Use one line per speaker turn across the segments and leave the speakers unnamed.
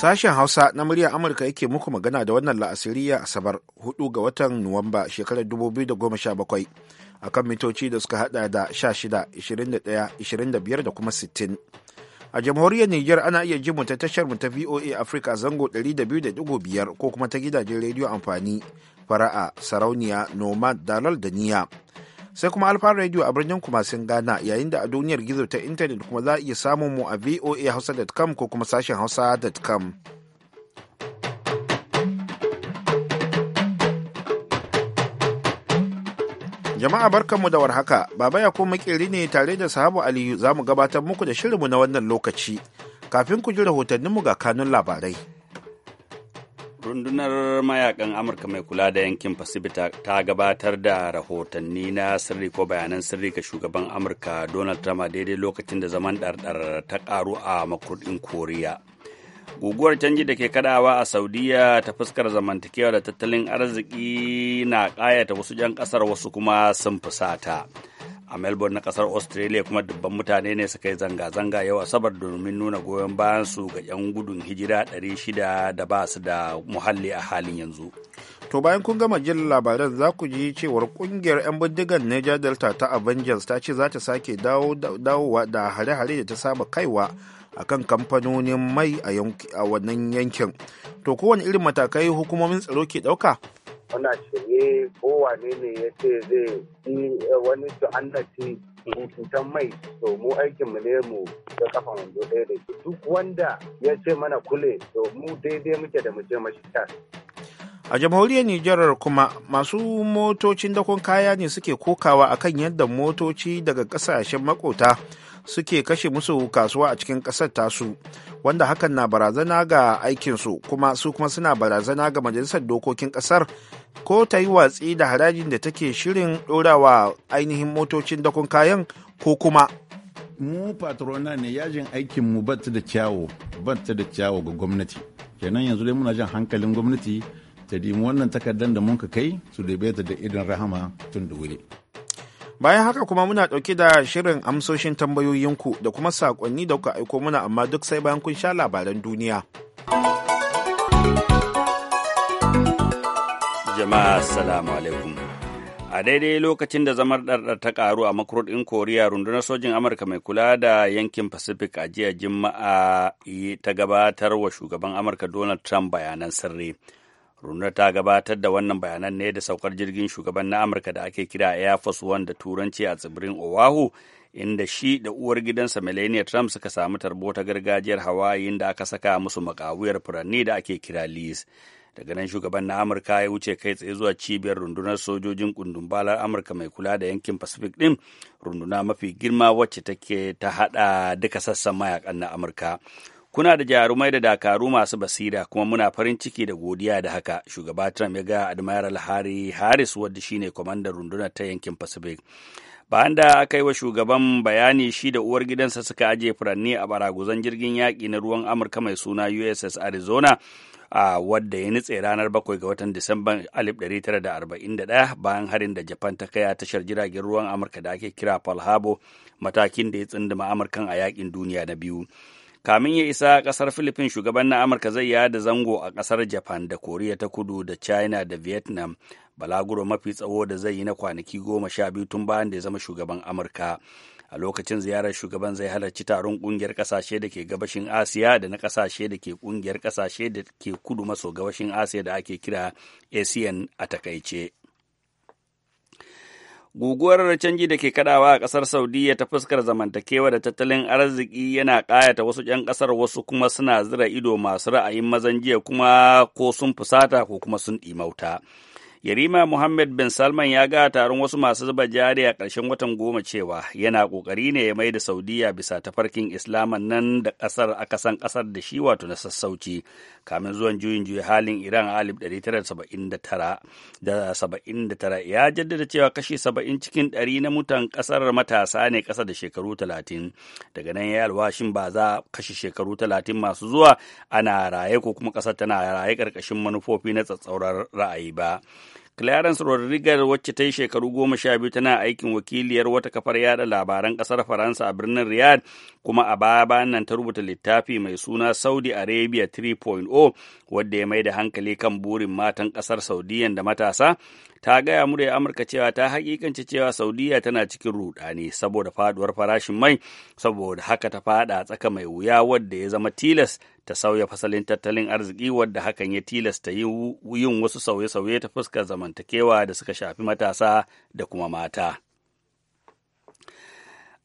Sashen Hausa na murya Amurka yake muku magana da wannan a Asabar 4 ga watan Nuwamba shekarar 2017 kan mitoci da suka hada da 16, 21, 25 da kuma 60. A jamhuriyar Nijar ana iya jin ta tashar mu ta VOA Africa zango 200.5 ko kuma ta gidajen rediyo amfani fara'a sarauniya nomad dalal da niya sai kuma alfa radio a birnin kumasin ghana yayin da a duniyar gizo ta intanet kuma za a iya samun mu a voa hausa.com ko kuma sashen hausa.com jama'a barkanmu da warhaka baba ya kuma makeri ne tare da sahabu aliyu za mu gabatar muku da shirinmu na wannan lokaci kafin ku ji rahotanninmu ga kanun labarai
rundunar mayakan amurka mai kula da yankin pacific ta gabatar da rahotanni na sirri ko bayanan sirri ga shugaban amurka donald trump a daidai lokacin da zaman ɗarɗar ta ƙaru a makurɗin koriya guguwar canji da ke kadawa a saudiya ta fuskar zamantakewa da tattalin arziki na ƙayata wasu 'yan ƙasar wasu kuma sun fusata. a melbourne na kasar australia kuma dubban mutane ne suka yi zanga-zanga yau asabar domin nuna goyon bayan su ga 'yan gudun hijira 600 da ba su da muhalli a halin yanzu
to bayan kun gama jin labaran za ku ji cewar kungiyar 'yan bindigar niger delta ta avengers ta ce za ta sake dawowa da hare-hare da ta saba kaiwa a kan kamfanonin mai a wannan yankin to kowane irin matakai hukumomin tsaro ke ɗauka
muna shirye ko wane ne ya ce zai yi eh, wani tu'annati mm. cutar mai to mu aikinmu ne mu da kafa wando ɗaya da shi duk wanda ya ce mana kule to mu daidai muke da mu je mashi
a jamhuriyar nijar kuma masu motocin dakon kaya ne suke kokawa akan yadda motoci daga kasashen makota suke kashe musu kasuwa a cikin kasar tasu wanda hakan na barazana ga aikinsu kuma su kuma suna barazana ga majalisar dokokin kasar ko ta yi watsi da harajin da take shirin ɗorawa ainihin motocin dakon kayan ko kuma
mu patrona ne yajin aikin mu ba da kyawo ba da kyawo ga gwamnati kenan yanzu dai muna jan hankalin gwamnati ta dimi wannan takardar da mun ka kai su da ta da idan rahama tun da wuri
bayan haka kuma muna ɗauke da shirin amsoshin tambayoyinku da kuma saƙonni da kuka aiko muna amma duk sai bayan kun sha labaran duniya
jama'a assalamu alaikum a daidai lokacin da zamar ɗarɗar ta ƙaru a ɗin koriya rundunar sojin amurka mai kula da yankin pacific a jiya juma'a ta gabatar wa shugaban amurka donald trump bayanan sirri rundunar ta gabatar da wannan bayanan ne da saukar jirgin shugaban na amurka da ake kira air force one da turanci a tsibirin oahu inda shi da uwar gidansa melania trump suka samu tarbo ta gargajiyar hawaii da aka saka musu makawuyar furanni da ake kira liz daga nan shugaban na amurka ya wuce kai tsaye zuwa cibiyar rundunar sojojin kundumbalar amurka mai kula da yankin pacific din runduna mafi girma wacce take ta hada duka sassan mayakan na amurka kuna da jarumai da dakaru masu basira kuma muna farin ciki da godiya da haka shugaba trump ya ga admiral harry harris wadda shine kwamandan rundunar ta yankin pacific bayan da aka yi wa shugaban bayani shi da uwar gidansa suka aje furanni a baraguzan jirgin yaƙi na ruwan amurka mai suna uss arizona a wadda ya nutse ranar 7 ga watan disamban 1941 bayan harin da japan ta kai a tashar jiragen ruwan amurka da ake kira pearl harbor matakin da ya tsindima amurkan a yaƙin duniya na biyu kamin ya isa kasar filifin shugaban na amurka zai yada zango a kasar japan da koriya ta kudu da china da vietnam balaguro mafi tsawo da zai yi na kwanaki goma sha biyu tun bayan da ya zama shugaban amurka a lokacin ziyarar shugaban zai halarci taron kungiyar kasashe da ke gabashin asiya da na kasashe da ke kungiyar kasashe da ke kudu maso gabashin asiya da ake kira asian a takaice Guguwar canji da ke kadawa a ƙasar Saudiya ta fuskar zamantakewa da tattalin arziki yana ƙayata wasu 'yan ƙasar wasu kuma suna zira ido masu ra'ayin mazan jiya kuma ko sun fusata ko kuma sun ɗimauta. Yarima Muhammad bin Salman ya ga taron wasu masu zuba jari a ƙarshen watan goma cewa yana ƙoƙari ne ya mai da Saudiya bisa tafarkin Islaman nan da ƙasar aka san ƙasar da shi wato na sassauci kamin zuwan juyin juya halin Iran a 1979 ya jaddada cewa kashi 70 cikin 100 na mutan ƙasar matasa ne ƙasa da shekaru 30 daga nan ya alwashin ba za kashi shekaru 30 masu zuwa ana raye ko kuma ƙasar tana raye ƙarƙashin manufofi na tsatsauran ra'ayi ba. Clarence Rodriguez wacce ta yi shekaru goma sha biyu tana aikin wakiliyar wata kafar yada labaran ƙasar Faransa a birnin Riyadh kuma a baya bayan nan ta rubuta littafi mai suna Saudi Arabia 3.0 wadda ya mai da hankali kan burin matan ƙasar Saudiyya da matasa ta gaya murya Amurka cewa ta hakikanci cewa Saudiyya tana cikin rudani saboda faduwar farashin mai saboda haka ta fada tsaka mai wuya wadda ya zama tilas ta sauya fasalin tattalin arziki wadda hakan ya tilasta yin wasu sauye-sauye ta fuskar zamantakewa da suka shafi matasa da kuma mata.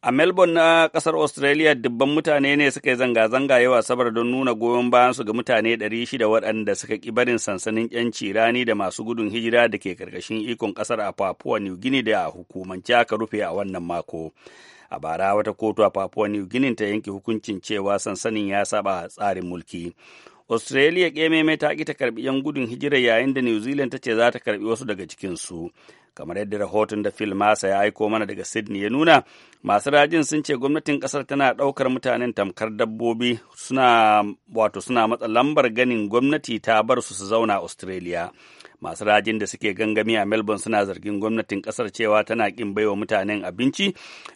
A Melbourne na ƙasar Australia dubban mutane ne suka yi zanga-zanga yawa sabar don nuna goyon bayansu ga mutane 600 waɗanda suka ƙi barin sansanin 'yanci rani da masu gudun hijira da ke ƙarƙashin ikon ƙasar a Papua New Guinea da hukumance aka rufe a wannan mako. a bara wata kotu a papua new guinea ta yanke hukuncin cewa sansanin ya saba tsarin mulki australia mai ta ƙi ta karbi yan gudun hijira yayin da new zealand ta ce za ta karbi wasu daga cikinsu kamar yadda rahoton da Phil Masa ya aiko mana daga Sydney ya nuna masu rajin sun ce gwamnatin kasar tana ɗaukar mutanen tamkar dabbobi suna wato suna matsa lambar ganin gwamnati ta bar su su zauna Australia masu rajin da suke gangami a melbourne suna zargin gwamnatin kasar cewa tana kin baiwa mutanen abinci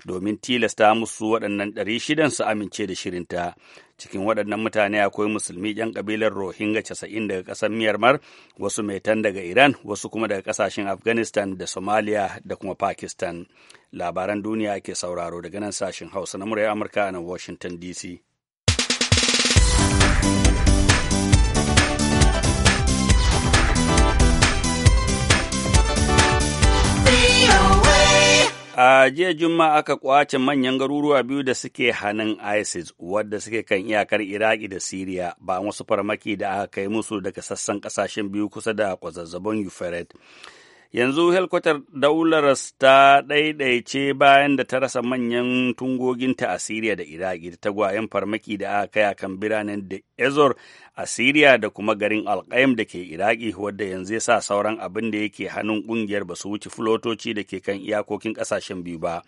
domin tilasta musu waɗannan ɗari shidan su amince da shirinta cikin waɗannan mutane akwai musulmi 'yan ƙabilar rohingya casa'in daga ƙasar myanmar wasu maitan daga iran wasu kuma daga ƙasashen afghanistan da somalia da kuma pakistan labaran duniya ke sauraro daga nan sashen hausa na murai amurka a nan washington dc A jiya Juma'a aka kwace manyan garuruwa biyu da suke hannun ISIS wadda suke kan iyakar Iraki da Siriya ba wasu farmaki da aka kai musu daga sassan kasashen biyu kusa da kwazazzabon Euphrates. yanzu helkwatar daular ta ɗaiɗaice bayan da ta rasa manyan tungoginta a Siriya da Iraki da tagwayen farmaki da aka kai a kan biranen da Ezor a Siriya da kuma garin alkaim da ke Iraki wadda yanzu ya sa sauran abin da yake hannun ƙungiyar ba su wuce fulotoci da ke kan iyakokin ƙasashen biyu ba.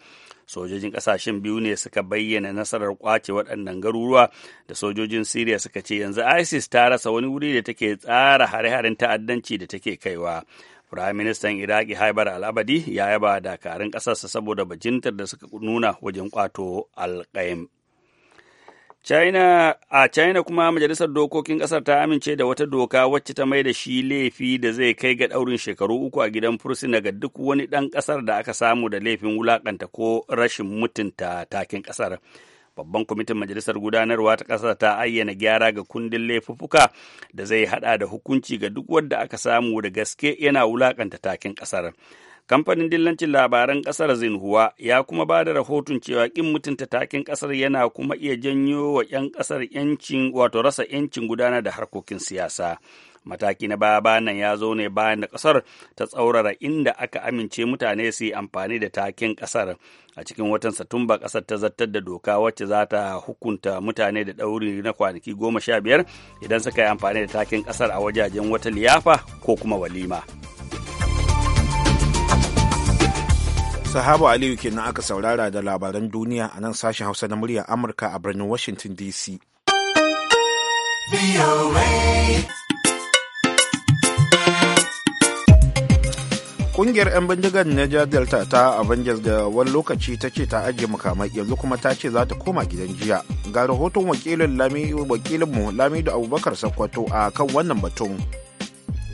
Sojojin ƙasashen biyu ne suka bayyana nasarar ƙwace waɗannan garuruwa da sojojin Siriya suka ce yanzu ISIS ta rasa wani wuri da take tsara hare-haren ta'addanci da take kaiwa. Firayim Ministan Iraki Haibar Al-Abadi ya yaba dakarun ƙasarsa saboda bajintar da suka nuna wajen kwato alƙaim. China a China kuma majalisar dokokin ƙasar ta amince da wata doka wacce ta mai da shi laifi da zai kai ga ɗaurin shekaru uku a gidan fursi ga duk wani ɗan ƙasar da aka samu da laifin wulaƙanta ko rashin mutunta takin ƙasar. babban kwamitin majalisar gudanarwa ta ƙasa ta ayyana gyara ga kundin laifuffuka da zai haɗa da hukunci ga duk wanda aka samu da gaske yana wulaƙanta takin ƙasar kamfanin dillancin labaran ƙasar zinhuwa ya kuma ba da rahoton cewa ƙin mutunta takin ƙasar yana kuma iya janyo wa 'yan ƙasar 'yancin wato rasa 'yancin gudanar da harkokin siyasa mataki na baya nan ya zo ne bayan da ƙasar ta tsaurara inda aka amince mutane su yi amfani da takin ƙasar a cikin watan satumba ƙasar ta zartar da doka wacce za ta hukunta mutane da ɗauri na kwanaki goma sha biyar idan suka yi amfani da takin ƙasar a wajajen wata liyafa ko kuma walima
sahabu aliyu kenan aka saurara da labaran duniya a nan sashen hausa na muryar amurka a birnin washington dc kungiyar 'yan bindigar Niger Delta ta Avengers da wani lokaci ta ce ta ajiye makamai yanzu kuma ta ce za ta koma gidan jiya. Ga rahoton wakilin wakilinmu Lamidu Abubakar Sokoto a kan wannan batun.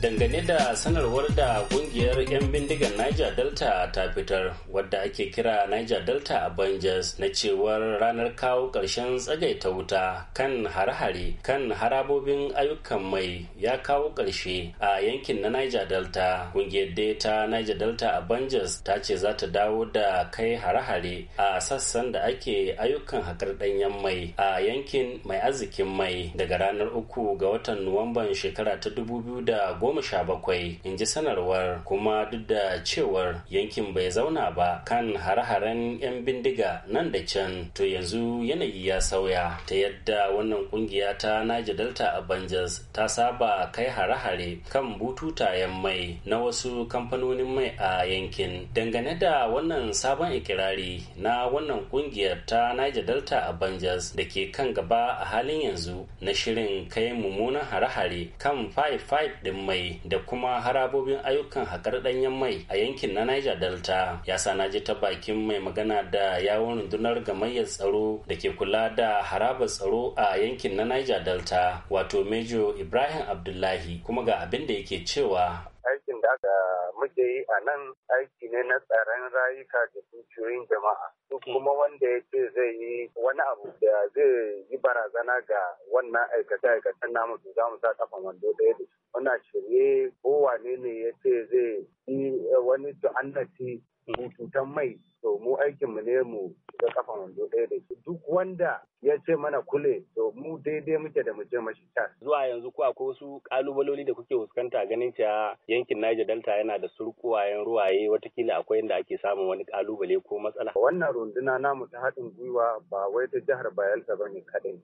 dangane da sanarwar da kungiyar 'yan bindigar niger delta ta fitar wadda ake kira niger delta avengers na cewar ranar kawo ƙarshen tsagaita wuta kan hare kan harabobin ayyukan mai ya kawo ƙarshe a yankin na niger delta kungiyar ta niger delta avengers ta ce za ta dawo da kai hare-hare a sassan da ake ayyukan haƙar ɗanyen mai a yankin mai arzikin mai daga ranar uku ga watan nuwamban shekara ta 2010 goma sha bakwai in ji sanarwar kuma duk da cewar yankin bai zauna ba kan hare-haren 'yan bindiga nan da can to yanzu yanayi ya sauya ta yadda wannan kungiya ta Niger Delta Avengers ta saba kai hare-hare kan bututayen mai na wasu kamfanonin mai a yankin dangane da wannan sabon ikirari na wannan kungiyar ta Niger Delta Avengers da ke kan gaba a halin yanzu na shirin kai mummunan hare-hare kan 5-5 din mai mai da kuma harabobin ayyukan haƙar ɗanyen mai a yankin na Niger Delta ya sa na ji ta bakin mai magana da yawon rundunar gamayyar tsaro da ke kula da harabar tsaro a yankin na Niger Delta wato Major Ibrahim Abdullahi kuma ga abin da yake cewa
aikin da muke yi a nan aiki ne na tsaron rayuka da dukiyoyin jama'a kuma wanda ya ce zai yi wani abu da zai yi barazana ga wannan aikace-aikacen namu su za mu sa kafan wando ɗaya da muna shirye ko wane ne ya ce zai yi wani mu cutan mai to mu aikinmu ne mu shiga kafa wando ɗaya da shi duk wanda ya ce mana kule to mu daidai muke da mu je mashi
cas. Zuwa yanzu ko akwai wasu kalubaloli da kuke fuskanta ganin cewa yankin Niger Delta yana da surkuwayen ruwaye watakila akwai inda ake samun wani kalubale ko matsala. Wannan
runduna namu ta haɗin gwiwa ba wai ta jihar Bayelsa ba ne kaɗai.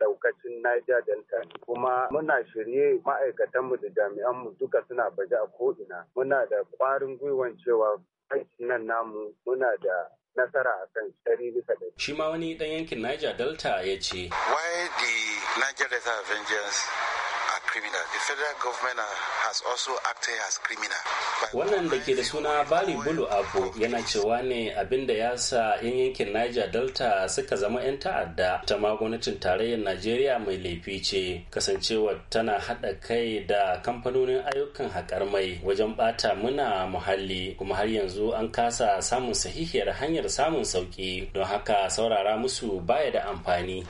daukacin Niger Delta kuma muna shirye ma'aikatanmu da jami'anmu duka suna baje a ko'ina muna da ƙwarin gwiwan cewa aikin nan namu muna da nasara a kan ɗari bisa ɗari.
Shi ma wani ɗan yankin Niger Delta ya ce.
Why the Niger Delta Avengers are criminal. The federal government has also acted as criminal.
Wannan da ke da suna Bali Bulu Abu yana cewa ne abinda ya sa 'yan yankin Niger Delta suka zama 'yan ta'adda ta ma tarayyar Najeriya mai laifi ce kasancewa tana haɗa kai da kamfanonin ayyukan haƙar mai wajen ɓata muna muhalli kuma har yanzu an kasa samun sahihiyar hanyar samun sauƙi don haka saurara musu baya da amfani.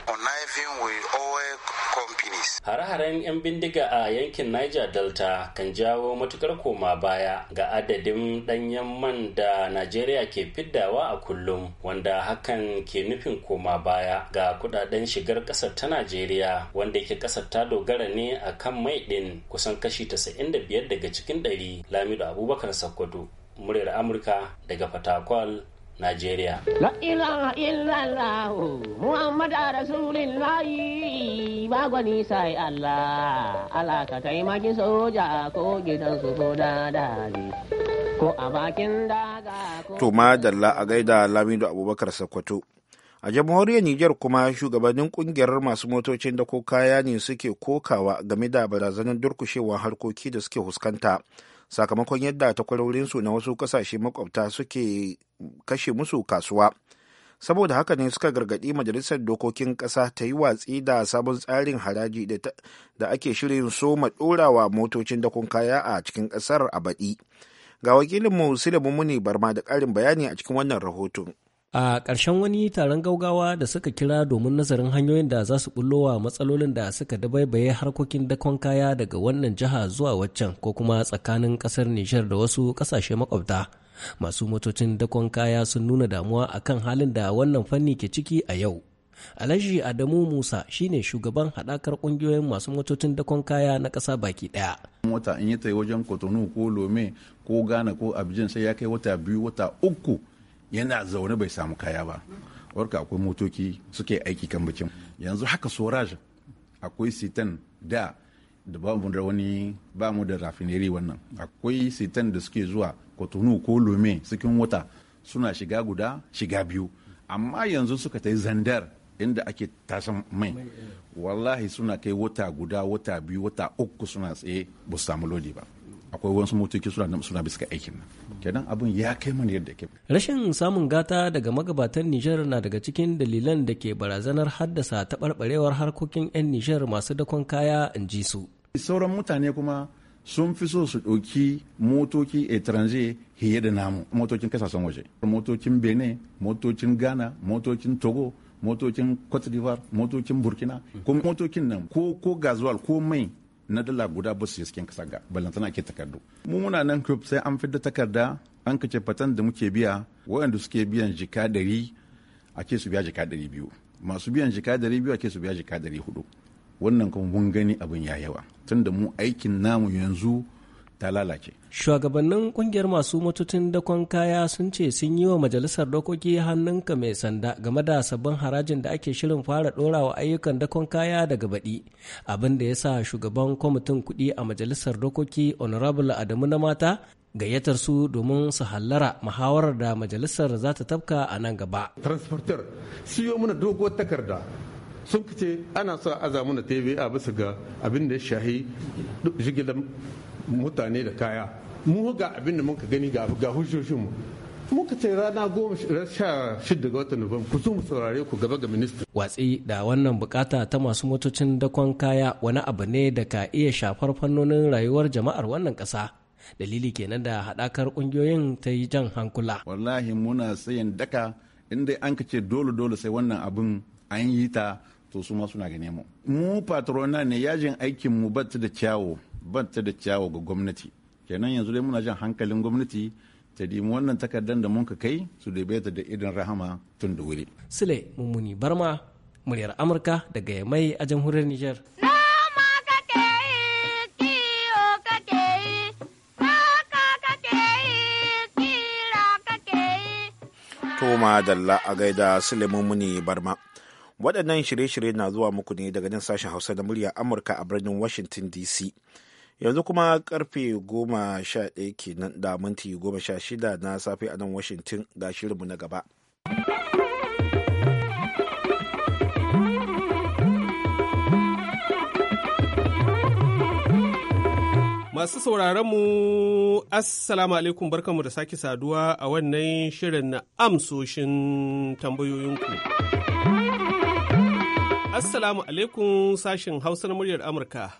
companies. Hare-haren 'yan bindiga a yankin Niger Delta kan jawo matukar koma baya ga adadin ɗanyen man da Najeriya ke fiddawa a kullum wanda hakan ke nufin koma baya ga kudaden shigar ƙasar ta Najeriya wanda yake ƙasar ta dogara ne a kan mai ɗin kusan kashi 95 daga cikin ɗari Lamido Abubakar Sokoto. Muryar Amurka daga Fatakwal, Najeriya.
La ilaha illallah Muhammad ba gwani sai Allah alaka taimaki soja ko gidan su ko
dadali ko a bakin daga
ko To madalla a gaida Lamido Abubakar Sokoto. A jamhuriyar Nijar kuma shugabannin kungiyar masu motocin da ko kaya ne suke kokawa game da barazanar durkushewar harkoki da suke fuskanta sakamakon yadda takwarorinsu na wasu kasashe makwabta suke kashe musu kasuwa saboda haka ne suka gargaɗi majalisar dokokin ƙasa ta yi watsi da sabon tsarin haraji da ake shirin soma ɗorawa motocin dakon kaya a cikin ƙasar a baɗi ga wakilinmu silimu muni barma da ƙarin bayani a cikin wannan rahoton
a ƙarshen wani taron gaugawa da suka kira domin nazarin hanyoyin da za su wa matsalolin da suka dabaibaye harkokin dakon kaya daga wannan jiha zuwa waccan ko kuma tsakanin ƙasar nijar da wasu ƙasashe makwabta masu motocin dakon kaya sun nuna damuwa a kan halin da wannan fanni ke ciki a yau alhaji adamu musa shine shugaban haɗakar ƙungiyoyin masu motocin dakon kaya na ƙasa baki ɗaya
wata in yi ta wajen kotonu ko lome ko ghana ko abidjan sai ya kai wata biyu wata uku yana zaune bai samu kaya ba warka akwai motoki suke aiki kan bikin yanzu haka soraj akwai sitan da da ba mu da wani ba mu da rafineri wannan akwai sitan da suke zuwa kotunu ko lome cikin wata suna shiga guda shiga biyu amma yanzu suka ta yi zandar inda ake tasan mai eh. wallahi suna kai wata guda wata biyu wata uku suna tsaye ba samu lodi ba akwai wasu motoci suna nan suna bisa aikin nan kenan abun ya kai mana yadda ke rashin samun gata daga
magabatan Nijar na daga cikin dalilan da ke barazanar haddasa taɓarɓarewar harkokin 'yan Nijar
masu dakon kaya in ji su sauran mutane kuma sun fi so su ɗauki motoci transit hiye da namu motocin kasashen waje motocin benin motocin ghana motocin togo motocin cote d'ivoire motocin burkina kuma motocin nan ko ko gazuwal ko mai na dala guda ba su yi cikin kasar ga ballantana ke takardu mu muna nan club sai an fidda takarda an kace fatan da muke biya waɗanda suke biyan jika ɗari a ke su biya jika ɗari biyu masu biyan jika ɗari biyu a ke su biya jika ɗari hudu wannan kuma mun gani abin ya yawa da mu aikin namu yanzu ta lalace.
Shugabannin kungiyar masu matutun dakon kaya sun ce sun yi wa majalisar dokoki hannunka mai sanda game da sabbin harajin da ake shirin fara ɗorawa ayyukan dakon kaya daga baɗi. Abin da ya sa shugaban kwamitin kuɗi a majalisar dokoki Honorable Adamu na mata gayyatar su domin su hallara muhawarar da majalisar za ta tafka a nan
gaba. Transporter siyo mana doguwar takarda sun kace ana sa aza mana TV a bisa ga abin da ya shahi jigilar mutane da kaya mu ga abin da muka gani ga hujjoshinmu
muka ce rana goma sha shida ga watan ku su mu saurare ku gaba ga minista. Watsi da wannan bukata ta masu motocin dakon kaya wani abu ne da ka iya shafar fannonin rayuwar jama'ar wannan kasa
Dalili kenan da haɗakar ƙungiyoyin ta yi jan hankula. Wallahi muna sayan daka inda an ka ce dole dole sai wannan abin an yi ta to su ma suna gane mu. Mu patrona ne yajin aikin mu bat da kyawu ban ta da ciyawa ga gwamnati kenan yanzu dai muna jan hankalin gwamnati ta dimi wannan takardar da mun ka kai su da ta da idan rahama tun da wuri
sule mummuni barma muryar amurka daga yamai a jamhuriyar niger
Toma Dalla a gaida Suleiman Muni Barma. Waɗannan shirye-shirye na zuwa muku ne daga nan sashen Hausa da muryar Amurka a birnin Washington DC. yanzu kuma karfe goma sha ɗaya kenan da minti goma sha shida na safe a nan washington ga shirinmu na gaba
Masu sauraronmu, Assalamu alaikum barkanmu da sake saduwa a wannan shirin na amsoshin tambayoyinku. Assalamu alaikum sashin Hausa na muryar Amurka.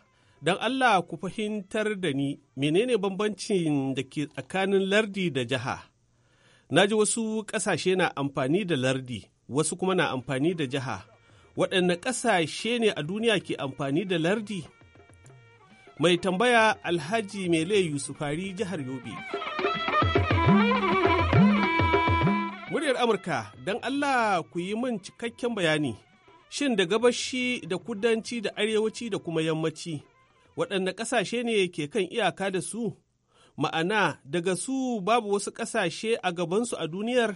Don Allah ku fahimtar da ni menene bambancin da ke tsakanin lardi da jiha. Na ji wasu ƙasashe na amfani da lardi, wasu kuma na amfani da jiha. Waɗanne ƙasashe ne a duniya ke amfani da lardi? Mai tambaya Alhaji Mele Yusufari jihar Yobe. Muryar Amurka, don Allah ku yi min cikakken bayani, shin da gabashi da kudanci da arewaci da kuma yammaci, waɗanne ƙasashe ne ke kan iyaka da su? Ma'ana daga su babu wasu ƙasashe a gabansu a duniyar?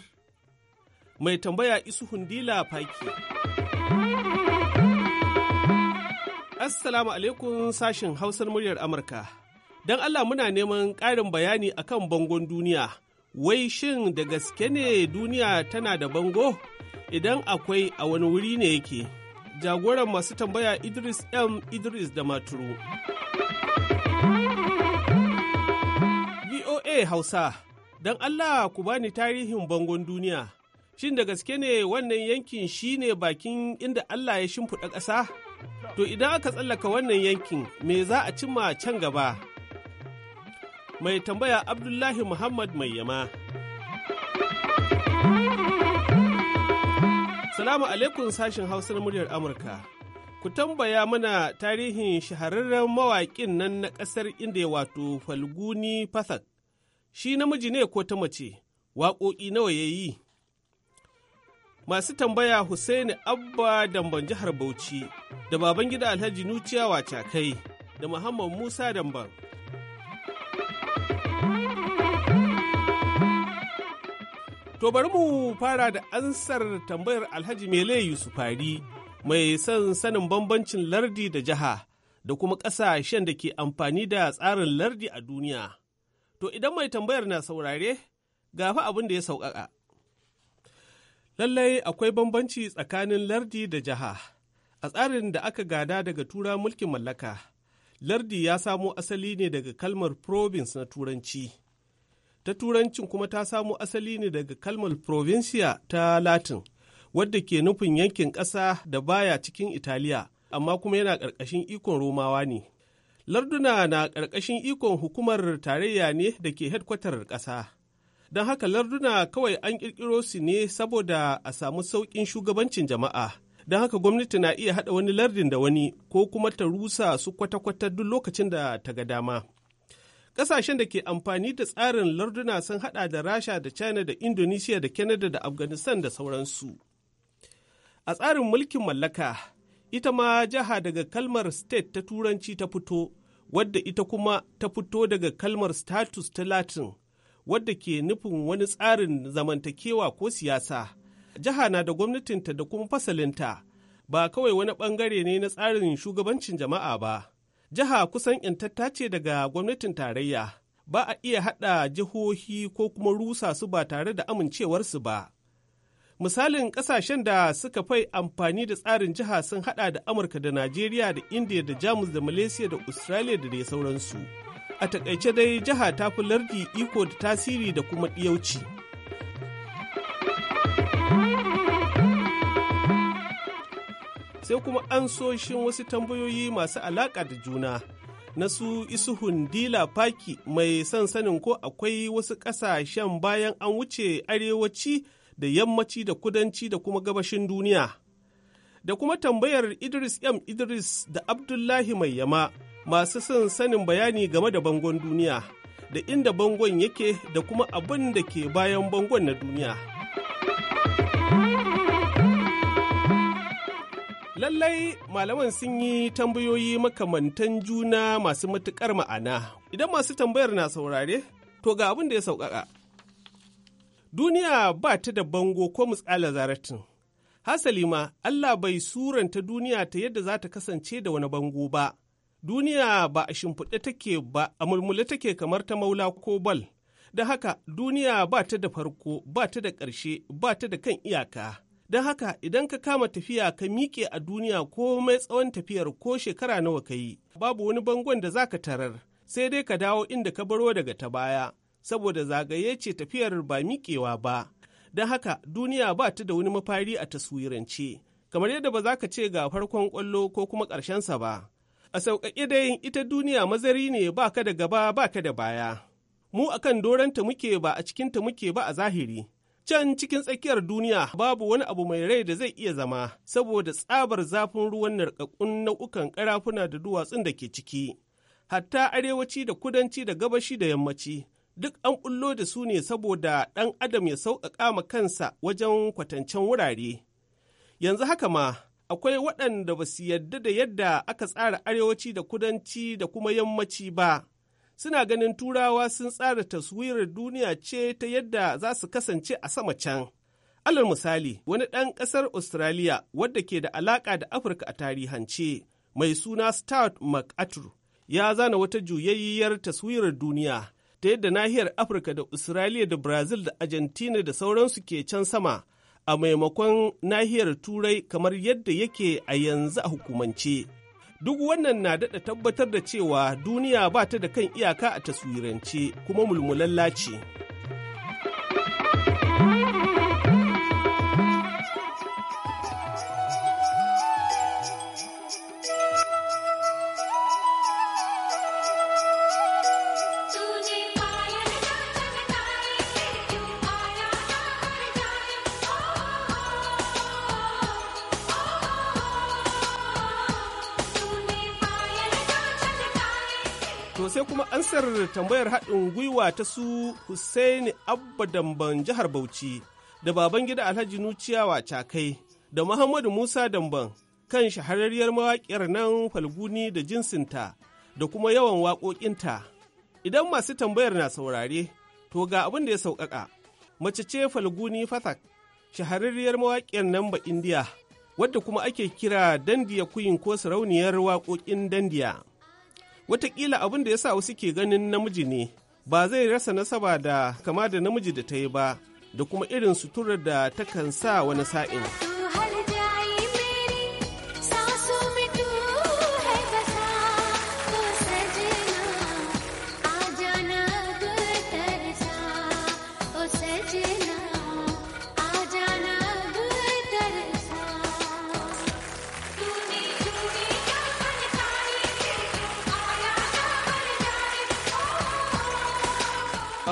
Mai tambaya isu hundila faki. Assalamu alaikum sashen hausar muryar Amurka. Don Allah muna neman ƙarin bayani akan bangon duniya. Wai shin da gaske ne duniya tana da bango? Idan akwai a wani wuri ne yake. jagoran masu tambaya Idris M. Idris da Maturu. VOA Hausa, don Allah ku bani tarihin bangon duniya. Shin da gaske ne wannan yankin shi ne bakin inda Allah ya shimfiɗa ƙasa? To idan aka tsallaka wannan yankin, me za a cimma can gaba? Mai tambaya Abdullahi Muhammad Mai yama. Assalamu alaikum sashin Hausar muryar Amurka. Ku tambaya mana tarihin shahararren mawaƙin nan na ƙasar Indiya wato Falguni fasak Shi namiji ne ko ta mace, waƙoƙi nawa ya yi. Masu tambaya Hussaini Abba Damban jihar Bauchi da Babangida Alhaji Nuciya Wacakai da Muhammad Musa Damban. To bari mu fara da ansar tambayar Alhaji Mele Yusufari mai son sanin bambancin lardi da jiha da kuma ƙasashen da ke amfani da tsarin lardi a duniya. To idan mai tambayar na saurare, gafi abin da ya sauƙaƙa. Lallai akwai bambanci tsakanin lardi da jiha. A tsarin da aka gada daga tura mulkin mallaka, lardi ya samo asali ne daga kalmar province na turanci. ta turancin kuma ta samo asali ne daga kalmar provincia ta latin wadda ke nufin yankin ƙasa da baya cikin italiya amma kuma yana ƙarƙashin ikon romawa ne larduna na ƙarƙashin ikon hukumar tarayya ne da ke hedkwatar ƙasa don haka larduna kawai an ƙirƙiro su ne saboda a samu sauƙin shugabancin jama'a don haka gwamnati na iya haɗa wani lardin da wani ko kuma ta rusa su kwata-kwata duk lokacin da ta ga dama Ƙasashen da ke amfani da tsarin larduna sun hada da Rasha da China da Indonesia da Canada da Afghanistan da sauransu. A tsarin mulkin mallaka, ita ma jiha daga kalmar state ta turanci ta fito, wadda ita kuma ta fito daga kalmar status ta Latin, wadda ke nufin wani tsarin zamantakewa ko siyasa. Jiha na da gwamnatinta da kuma fasalinta, ba kawai wani bangare ne na tsarin shugabancin jama'a ba. Jiha kusan intatta ce daga gwamnatin tarayya, ba a iya hada jihohi ko kuma rusa su ba tare da amincewarsu ba. Misalin kasashen da suka fai amfani da tsarin jiha sun hada da Amurka da Najeriya da Indiya da Jamus da Malaysia da Australia da dai sauransu. A takaice dai jiha ta fi lardi iko da tasiri da kuma ɗiyauci. sai kuma ansoshin wasu tambayoyi masu alaƙa da juna na su isuhun dila paki mai son sanin ko akwai wasu ƙasashen bayan an wuce arewaci da yammaci da kudanci da kuma gabashin duniya da kuma tambayar idris m idris da abdullahi mai yama masu son sanin bayani game da bangon duniya da inda bangon yake da kuma abin da ke bayan bangon na duniya. Lallai malaman sun yi tambayoyi makamantan juna masu matukar ma'ana. Idan masu tambayar na saurare, to ga abin da ya sauƙaƙa. Duniya ba ta da bango ko mutsala zaratin. Hasali ma Allah bai suranta duniya ta yadda za ta kasance da wani bango ba. Duniya ba a shimfiɗe take ba, a mulmula take kamar ta maula ko bal. Da haka duniya ba ta da farko, ba ta da ƙarshe, ba ta da kan iyaka. Don haka idan ka kama tafiya ka miƙe a duniya ko mai tsawon tafiyar ko shekara nawa ka yi, babu wani bangon da za ka tarar, sai dai ka dawo inda ka baro daga ta baya, saboda zagaye ce tafiyar ba miƙewa ba. Don haka duniya ba ta da wani mafari a taswirance, kamar yadda ba za ka ce ga farkon kwallo ko kuma ƙarshensa ba. A sauƙaƙe dai ita duniya mazari ne ba ka da gaba ba ka da baya. Mu akan doranta muke ba a cikinta muke ba a zahiri. Can cikin tsakiyar duniya babu wani abu mai rai da zai iya zama saboda tsabar zafin ruwan narkakkun nau'ukan karafuna da duwatsun da ke ciki. Hatta arewaci da kudanci da gabashi da yammaci duk an bullo da su ne saboda ɗan adam ya sauƙaƙa ma kansa wajen kwatancen wurare. Yanzu haka ma akwai waɗanda ba su yarda da yadda aka tsara arewaci da kudanci da kuma yammaci ba. suna ganin turawa sun tsara taswirar duniya ce ta yadda za su kasance a sama can. Alal misali, wani ɗan ƙasar Australia wadda ke da alaƙa da Afirka a tarihance, mai suna Stuart MacArthur, ya zana wata juyayyiyar taswirar duniya ta yadda nahiyar Afirka da Australia da Brazil da Argentina da sauransu ke can sama a maimakon nahiyar Turai kamar yadda yake a yanzu a hukumance. Duk wannan na daɗa tabbatar da cewa duniya ba ta da kan iyaka a taswirance kuma mulmulalla ce. ansar tambayar haɗin gwiwa ta su Hussaini Abba Damban jihar Bauchi da baban gida Alhaji Nuciyawa Cakai da Muhammadu Musa Damban kan shahararriyar mawaƙiyar nan falguni da jinsinta da kuma yawan waƙoƙinta. Idan masu tambayar na saurare, to ga abin da ya sauƙaƙa. Mace ce falguni Fatak, shahararriyar mawaƙiyar nan ba Indiya, wadda kuma ake kira Dandiya kuyin ko sarauniyar waƙoƙin Dandiya. Wataƙila abin da ya sa wasu ke ganin namiji ne ba zai rasa nasaba da kama da namiji da ta yi ba da kuma irin sutura da takan sa wani sa'in.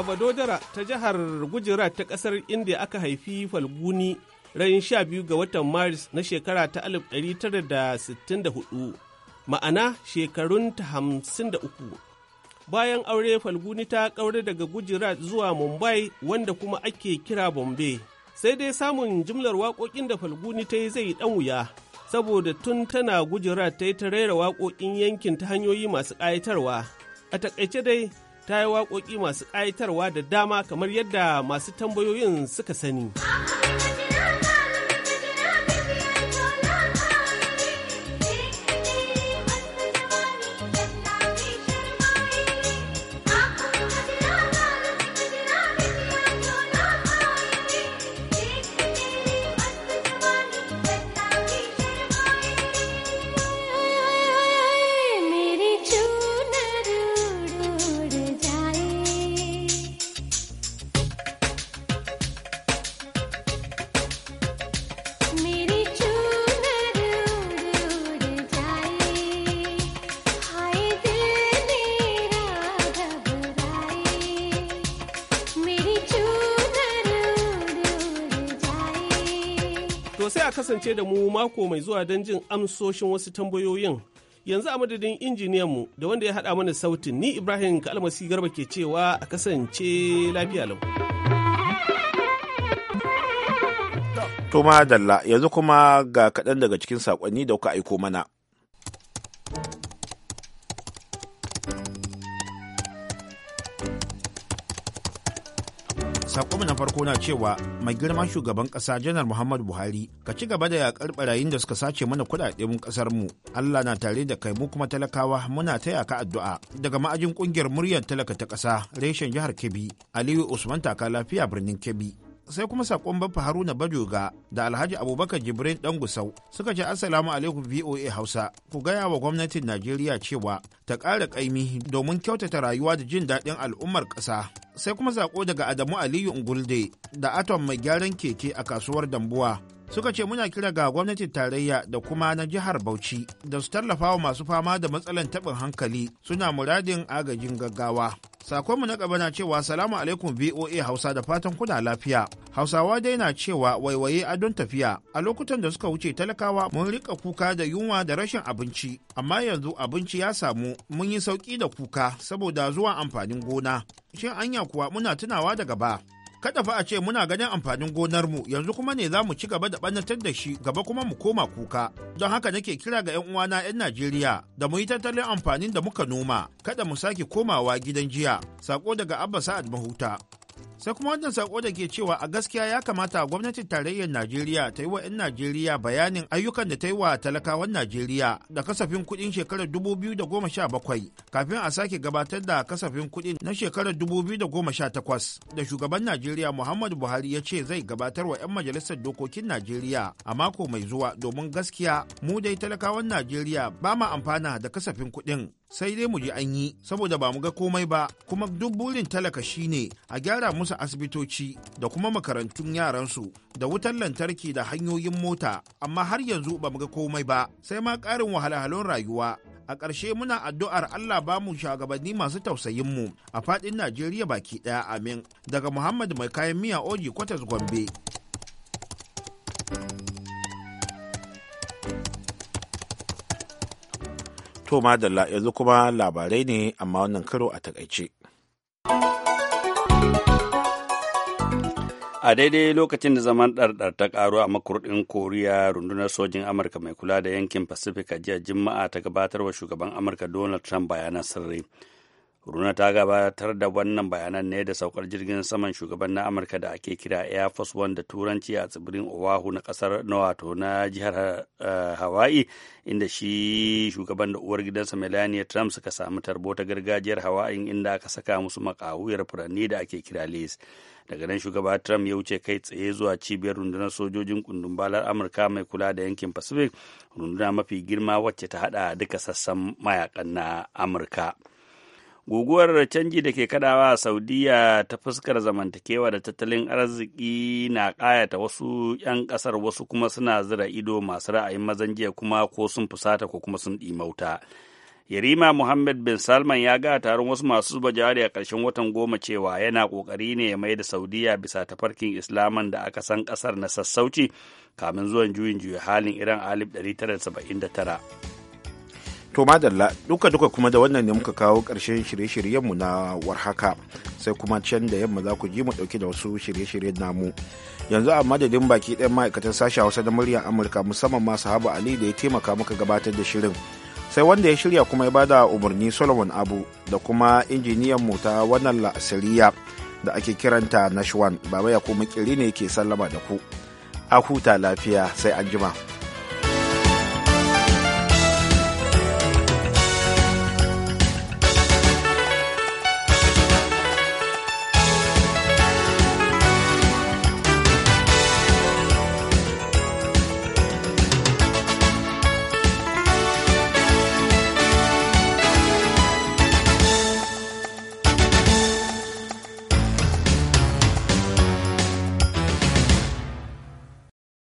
abadodara ta jihar Gujarat ta ƙasar India aka haifi Falguni ran 12 ga watan Maris na shekara ta 1964, ma'ana shekarun ta 53. bayan aure falguni ta kaure daga Gujarat zuwa mumbai wanda kuma ake kira Bombay, sai dai samun jimlar waƙoƙin da falguni ta yi zai ɗan wuya saboda tun tana Gujarat ta yi ta raira waƙoƙin yankin ta hanyoyi masu ƙayatarwa a takaice dai ta yi waƙoƙi masu ƙayatarwa da dama kamar yadda masu tambayoyin suka sani. kasance da mu mako mai zuwa don jin amsoshin wasu tambayoyin. Yanzu a madadin mu da wanda ya haɗa mana sautin ni Ibrahim Kalmasi Garba ke cewa a kasance lafiya lau.
tuma Dalla yanzu kuma ga kaɗan daga cikin saƙonni da kuka aiko mana. sakonmu na farko na cewa mai girman shugaban ƙasa janar muhammadu buhari ka ci gaba da yaƙar ɓarayin da suka sace mana kudaden kasar mu allah na tare da kai mu kuma talakawa muna taya ka addu'a daga ma'ajin ƙungiyar muryar talaka ta kasa reshen jihar kebbi aliyu usman taka lafiya birnin kebbi sai kuma sakon baffa haruna bajoga da alhaji abubakar jibrin dan gusau suka ce assalamu alaikum voa hausa ku gaya wa gwamnatin najeriya cewa ta ƙara ƙaimi domin kyautata rayuwa da jin daɗin al'ummar ƙasa sai kuma sako daga adamu aliyu ngulde da atom mai gyaran keke a kasuwar dambuwa suka ce muna kira ga gwamnatin tarayya da kuma na jihar Bauchi da su tallafa wa masu fama da matsalan taɓin hankali suna muradin agajin gaggawa. Sakonmu na gaba na cewa salamu alaikum VOA Hausa da fatan kuna lafiya. Hausawa dai na cewa waiwaye a don tafiya. A lokutan da suka wuce talakawa mun rika kuka da yunwa da rashin abinci, amma yanzu abinci ya samu mun yi sauki da kuka saboda zuwa amfanin gona. Shin anya kuwa muna tunawa da gaba. Kada fa a ce muna ganin amfanin gonar mu yanzu kuma ne za mu ci gaba da ɓannatar da shi gaba kuma mu koma kuka. Don haka nake kira ga 'yan uwana 'yan Najeriya da mu yi tattalin amfanin da muka noma, kada mu sake komawa gidan jiya. Sako daga Abba Sa'ad Mahuta. sai kuma wannan sako da ke cewa a gaskiya ya kamata gwamnatin tarayyar najeriya ta yi wa 'yan najeriya bayanin ayyukan da ta yi wa talakawan najeriya da kasafin kudin shekarar 2017 kafin a sake gabatar da kasafin kudin na shekarar 2018 da shugaban najeriya muhammadu buhari ya ce zai gabatar wa 'yan majalisar dokokin najeriya a mako mai zuwa domin gaskiya mu dai talakawan najeriya ba ma amfana da kasafin kudin sai dai mu ji an yi saboda ba mu ga komai ba kuma duk burin talaka shine a gyara musu asibitoci da kuma makarantun yaransu da wutar lantarki da hanyoyin mota amma har yanzu ba mu ga komai ba sai ma ƙarin wahalhalun rayuwa a ƙarshe muna addu'ar Allah ba mu shagabanni masu tausayin mu a faɗin Najeriya baki ɗaya amin daga Muhammad mai kayan miya oji kwatas Gombe. To madalla yanzu kuma labarai ne amma wannan karo a takaice.
a daidai lokacin da zaman ɗarɗar ta ƙaru a makurɗin koriya rundunar sojin amurka mai kula da yankin pacific a jiya juma'a ta gabatar wa shugaban amurka donald trump bayanan sirri Runa ta gabatar da wannan bayanan ne da saukar jirgin saman shugaban na Amurka da ake kira Air Force One da Turanci a tsibirin Oahu na kasar na na jihar eh, Hawaii inda shi shugaban da uwar gidansa Melania Trump suka samu tarbo ta gargajiyar Hawaii inda aka saka musu makahuyar furanni da ake kira lace. Daga nan shugaba Trump ya wuce kai tsaye zuwa cibiyar rundunar sojojin kundin balar Amurka mai kula da yankin Pacific, runduna mafi girma wacce ta hada duka sassan mayakan na Amurka. guguwar canji da ke kadawa a saudiya ta fuskar zamantakewa da tattalin arziki na kayata wasu 'yan kasar wasu kuma suna zira ido masu ra'ayin mazan jiya kuma ko sun fusata ko kuma sun ɗimauta yarima muhammad bin salman ya ga taron wasu masu zuba jari a ƙarshen watan goma cewa yana ƙoƙari ne ya mai da saudiya bisa tafarkin islaman da aka san ƙasar na sassauci kamin zuwan juyin juya halin iran alif 1979
To madalla duka duka kuma da wannan ne muka kawo ƙarshen shirye-shiryenmu na warhaka sai kuma can da yamma za ku ji mu ɗauki da wasu shirye-shiryen namu. Yanzu a madadin baki ɗayan ma'aikatan sashen Hausa na muryar Amurka musamman ma sahaba Ali da ya taimaka muka gabatar da shirin. Sai wanda ya shirya kuma ya bada umarni Solomon Abu da kuma injiniyan mu ta wannan la'asariya da ake kiranta Nashwan Baba ya kuma ne ke sallama da ku. A huta lafiya sai an jima.